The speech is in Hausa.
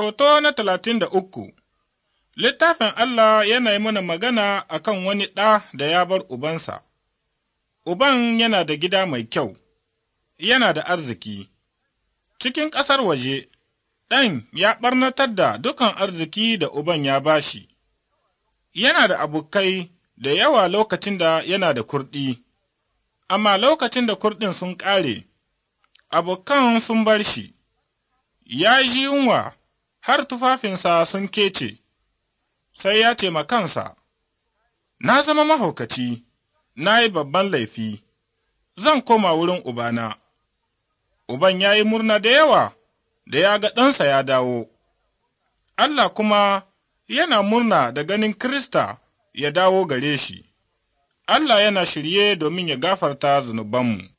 Hoto na talatin da uku Littafin Allah yana yi mana magana a kan wani ɗa da ya bar ubansa. Uban yana da gida mai kyau, yana da arziki. Cikin ƙasar waje, ɗan ya ɓarnatar da dukan arziki da uban ya bashi. Yana da abokai da yawa lokacin da yana da kurɗi, amma lokacin da kurɗin sun ƙare, abokan sun bar shi, ya ji yunwa. har tufafinsa sun kece, sai ya ce ma kansa, Na zama mahaukaci, na yi babban laifi, zan koma wurin Ubana. Uban ya yi murna da yawa da ya ga ɗansa ya dawo, Allah kuma yana murna da ganin Kirista ya dawo gare shi, Allah yana shirye domin ya gafarta zunubanmu.